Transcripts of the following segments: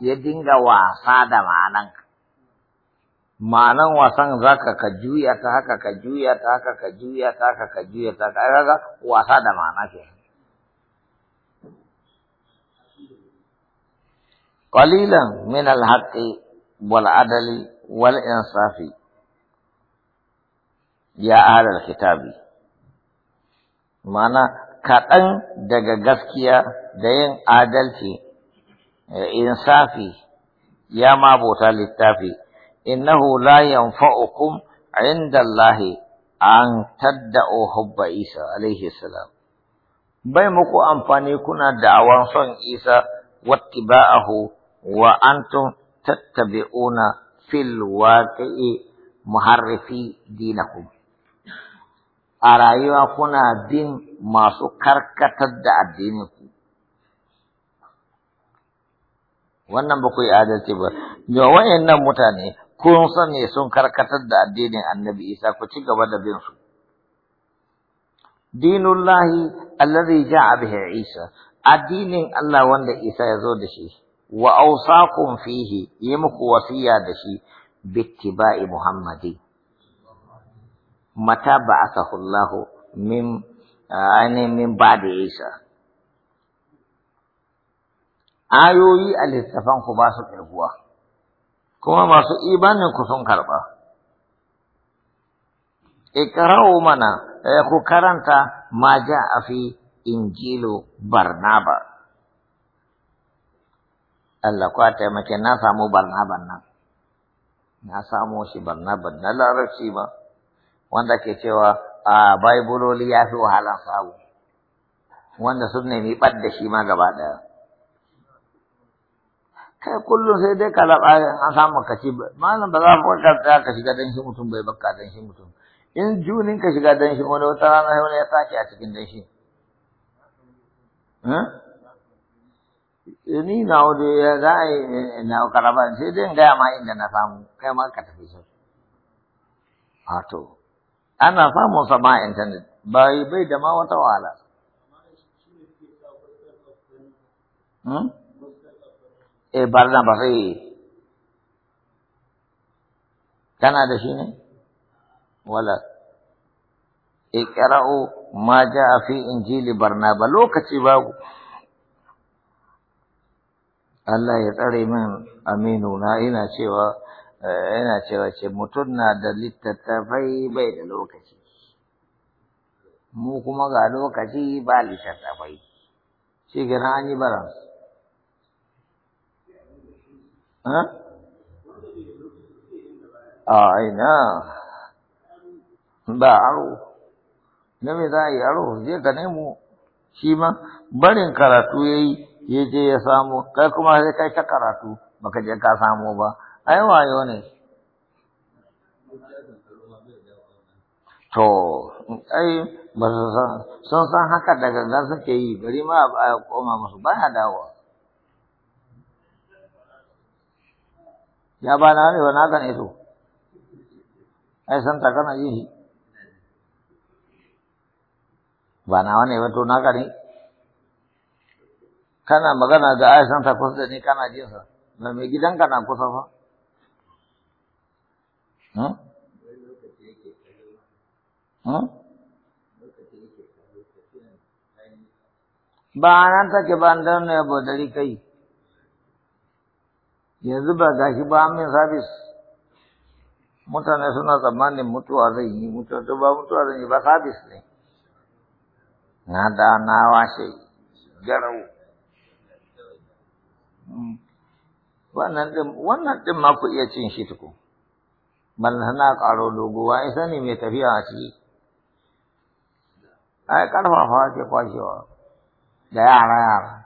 ya dinga wasa da ma'anan ma'anan wasan zaka ka juya ta haka ka juya ta haka ka juya ta haka ka juya ta haka kaga wasa da ma'ana ke qalilan min al-haqqi wal adali wal insafi ya ahlal kitabi ma'ana kaɗan daga gaskiya da yin adalci insafi ya ma mabota littafi innahu la yanfa'ukum inda Allah an tadda'u hubba Isa alaihi salam bai muku amfani kuna da'awan son Isa wattiba'ahu wa antum tattabi'una fil waqi'i muharrifi dinakum a rayuwa kuna bin masu karkatar da addininku wannan ba ku yi adalci ba ga wayannan mutane kun ne sun karkatar da addinin annabi isa ku ci gaba da bin su dinullahi allazi ja'a bihi isa addinin Allah wanda isa ya zo da shi wa awsaqum fihi yi muku wasiya da shi bittiba'i muhammadi mata ba'athahu Allah min ainihin min ba da isa ayoyi a littafan ku ba su ƙirguwa kuma masu imanin ku sun karɓa ikra'u mana ya eh, ku karanta ma ja a fi injilu barnaba Allah kwa taimake na samu barnaban nan na samu shi barnaban na larabci ba wanda ke cewa a baibuloli ya fi wahalan samu wanda sun nemi ɓad da shi ma gaba ɗaya kai kullum sai dai ka laɓa an samu ka ci malam ba za ka tsaya ka shiga danshin mutum bai bakka danshin mutum in junin ka shiga danshin wani wata rana wani ya tashi a cikin danshin eh? ni na wuri ya za a yi eh, na karaba sai dai gaya ma inda na samu kai ma ka tafi sai wato ana samun sa ma internet bai bai da ma wata wahala hmm? eh Barnabas eh kana da shi ne wala iqra'u ma jaa fi injili ba lokaci ku. Allah ya tsare min aminu na ina cewa yana cewa ce mutum na da littattafai bai da lokaci mu kuma ga lokaci ba littattafai shi gina an yi Ah ina ba aro na me za a yi aro je ka nemo shi ma barin karatu ya yi ya je ya samu kai kuma zai kai ta karatu baka je ka samu ba ai wayo ne to ai ba san sun san haka daga gan suke yi bari ma a koma musu baya dawowa ya ba na ne wa naka ne to ai san ta kana yi ba na wane ba to naka ne kana magana da ai san ta kusa da ni kana jin sa na mai gidanka na kusa fa hmm? Hmm? ba nan take ba dan ne bodari kai yanzu ba gashi ba min sabis mutane suna tsammanin mutuwa zai yi mutuwa to ba mutuwa zai yi ba sabis ne na da na washe garau hmm. wannan din wannan din ma ku iya cin shi tukun ballana ƙaro doguwa ya sani mai tafiya a ciki ai ƙarfafa ke kwashewa da yara yara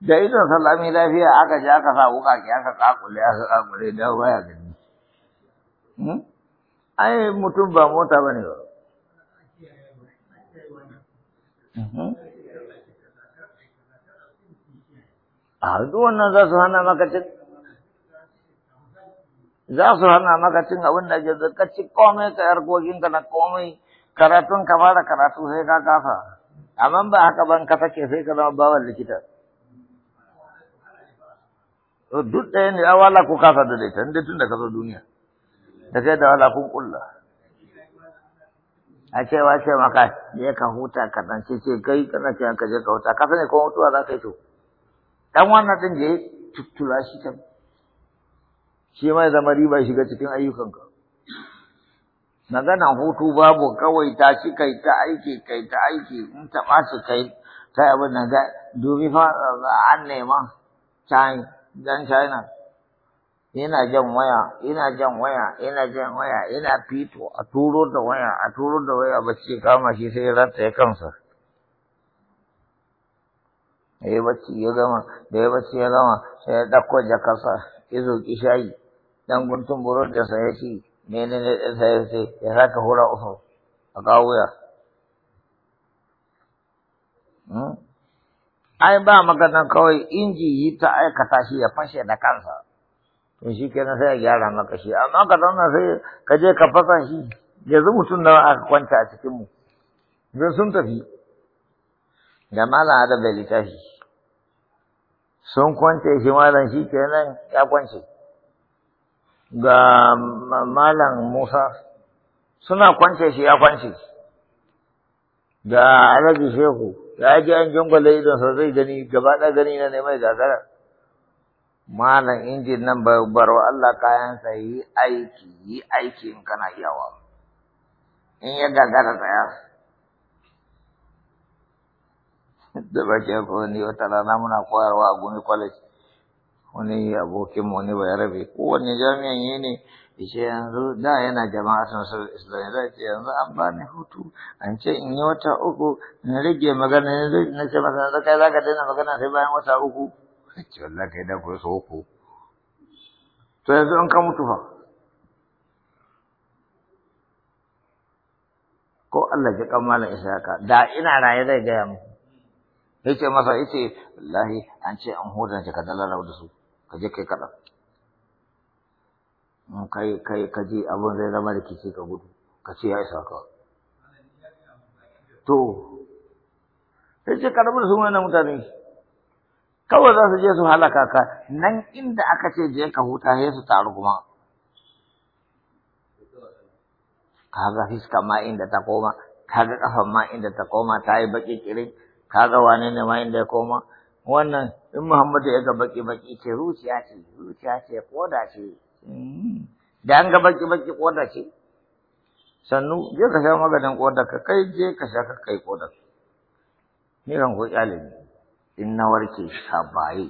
da idon sallami lafiya aka ji aka sa wuka ki aka kakule aka kakule da baya gani hmm? ai mutum ba mota bane ba a mhm. duk wannan za su hana maka cin za su hana maka cin abin da ke zaka ci komai ka ka na komai karatun ka fara karatu sai ka kafa amma ba haka ban ka sake sai ka zama bawan likita duk ɗaya ne awala ko kasa da dai tunda tun da duniya da kai da wala kun kulla a cewa ce maka ne ka huta ka dan ce ce kai kana ce ka je ka huta ka sani ko mutuwa za ka yi to dan wannan din je tuttura shi kan shi ma ya zama riba shiga cikin ayyukanka magana hutu babu kawai tashi kai ta aiki kai ta aiki in ta ɓaci kai ta abin nan ga dubi fa an nema time dan China ina jan waya ina jan waya ina jan waya ina fito a turo da waya a turo da waya bacci kama shi sai ranta ya kansa ya bacci ya gama da ya bacci ya gama sai ya ɗauko jakarsa ya ki shayi dan guntun buru da sa ya ci menene ɗinsa ya ce ya saka hura uku a kawo wuya hmm? ai ba maganan kawai inji yi ta aikata shi ya fashe da kansa to shi kenan sai a gyara maka shi amma ka zauna sai ka je ka fasa shi yanzu mutum da aka kwanta a cikin mu don sun tafi da malam adam da littafi sun kwance shi malam shi kenan ya kwance ga malam musa suna kwance shi ya kwance Da Alhaji shehu ya ji an jangwale idonsa zai gani gaba ɗaya gani na ne mai gagara malam injin nan baro Allah kayansa yi aiki yi aiki in kana iyawa in ya gagara tsaya da bakin ko ni wata rana muna koyarwa a gumi college wani abokinmu wani bayarabe kowanne jami'an yi ne ce yanzu da yana jama'a sun sun islami za ce yanzu an ba ni hutu an ce in yi wata uku na rage magana na ce masa yanzu kai za ka daina magana sai bayan wata uku a ce wallah kai da kuwa sau uku to yanzu an ka mutu fa ko Allah ji kan isa Isaka da ina raye zai gaya mu yace masa yace wallahi an ce an huta ka dalalar da su ka je kai kaɗan kai kai ka ji abin zai zama da kici ka gudu ka ce ya isa ka to sai ce ka rabu da sun mutane kawai za su je su halaka ka nan inda aka ce je ka huta sai su taru kuma Ka ga fiska ma inda ta koma ka ga kafan ma inda ta koma ta yi baki kirin ga wane ne ma inda ya koma wannan in Muhammadu ya ga baki baki ce Ruciya ce Ruciya ce koda ce hmm. da an ga baki baki koda ce sannu je ka sha maganin koda ka kai je ka sha ka kai koda ni kan ko kyalimi in na warke sha baye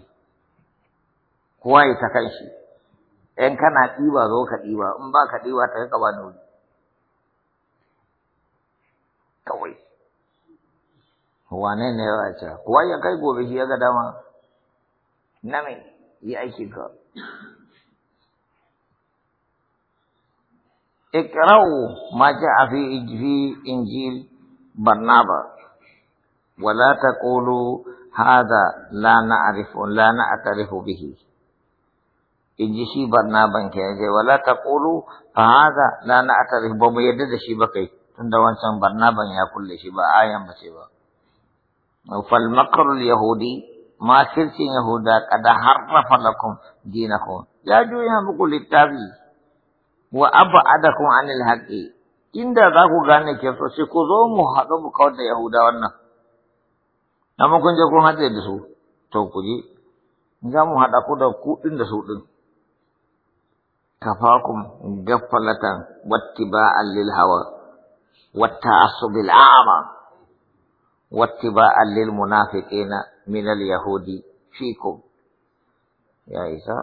kowa ya ta kai shi in kana ɗiba zo ka ɗiba in ba ka ɗiba ta ka ba da kawai wane ne ya ce kowa ya kai gobe shi ya ga dama na mai yi aikin ka اقرأوا ما جاء في إنجيل برنابا ولا تقولوا هذا لا نعرف لا نعترف bihi. inji shi barnaban ke yaje wala ta taqulu fa hadha la na'tarif ba mu yadda da shi ba kai tunda wancan barnaban ya kulle shi ba ayan ba ce ba fal maqrul yahudi makircin Yahuda kada harrafa lakum dinakum ya juya muku littafi wa abadakum anil haqqi inda za ku gane kiristoci ku zo mu haɗu mu kawar da Yahuda wannan amma kun je kun haɗe da su to ku je za mu haɗa ku da kuɗin da su ɗin kafakum gaffalatan wattiba'an lil hawa wa ta'assubil a'ma واتباعا للمنافقين من اليهود فيكم يا عيسى